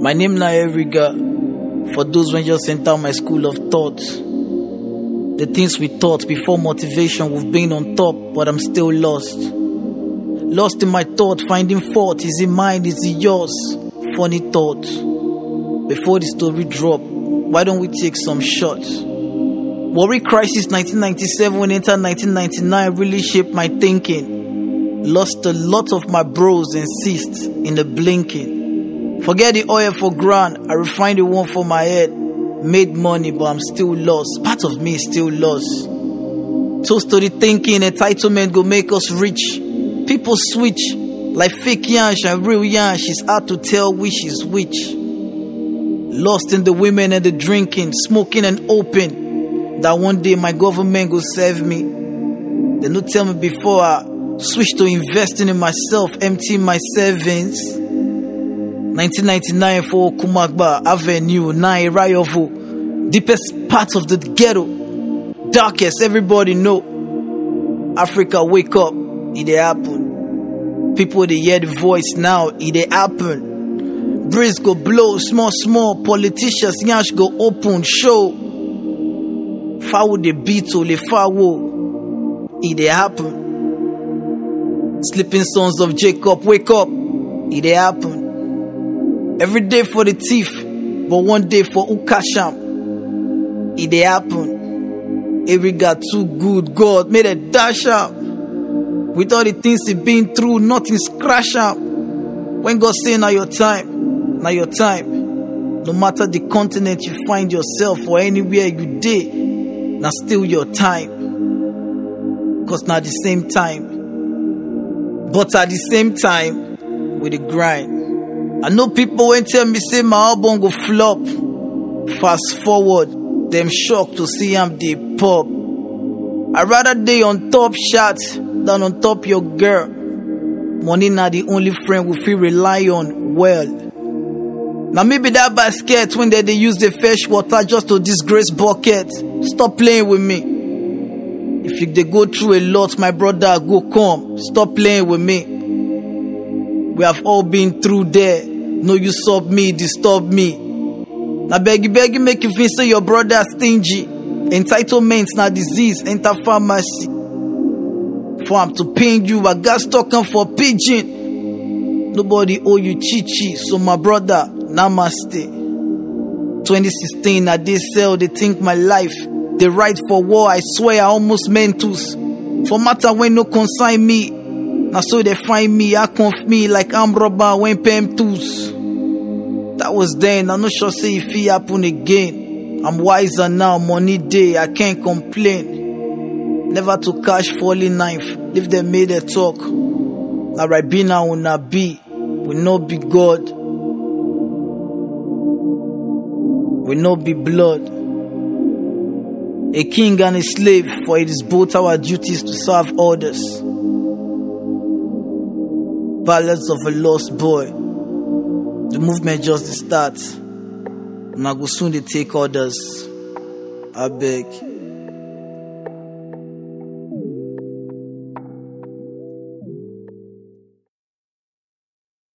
My name na Eriga. For those who just enter my school of thought. The things we taught before motivation, we've been on top, but I'm still lost. Lost in my thought, finding fault. Is it mine? Is it yours? Funny thought. Before the story drop, why don't we take some shots? Worry crisis 1997 enter 1999 really shaped my thinking. Lost a lot of my bros and cysts in the blinking. Forget the oil for grand, I refined the one for my head. Made money, but I'm still lost. Part of me is still lost. Toast to the thinking, entitlement go make us rich. People switch like fake yansh and real yansh. It's hard to tell which is which. Lost in the women and the drinking, smoking and open. That one day my government go save me. They no tell me before I switch to investing in myself, empty my savings. 1999 for Kumagba Avenue, Nairoyovo, deepest part of the ghetto, darkest, everybody know. Africa, wake up, it happen. People, they hear the voice now, it happen. Breeze go blow, small, small, politicians, nyash go open, show. Foul the beat, le foul, it happen. Sleeping sons of Jacob, wake up, it happen. Every day for the thief, but one day for Ukasham. It dey happen. Every got too good, God made a dash up. With all the things he been through, nothing scratch up. When God say now your time, now your time. No matter the continent you find yourself or anywhere you dey, now still your time. Cause now the same time. But at the same time, with the grind. I know people when tell me say my album go flop. Fast forward, them shocked to see I'm the pop. I rather they on top shots than on top your girl. Money not the only friend we feel rely on well. Now maybe that basket when they, they use the fresh water just to disgrace bucket. Stop playing with me. If you they go through a lot, my brother, go come. Stop playing with me. We have all been through there. No, you sub me, disturb me. Now beg beg make you feel so your brother stingy. Entitlements na disease, enter pharmacy. For I'm to ping you, I got stuck for pigeon. Nobody owe you chichi, so my brother, namaste. 2016, I did sell, they think my life. They write for war, I swear I almost meant to. For matter when no consign me, now so they find me, I conf me like I'm robber when PM tools. That was then, I'm not sure say if it happen again. I'm wiser now, money day, I can't complain. Never to cash falling knife, if they made a talk. Now right be now will not be, will not be God. Will not be blood. A king and a slave, for it is both our duties to serve others ballads of a lost boy. The movement just starts, and I will soon take orders. I beg.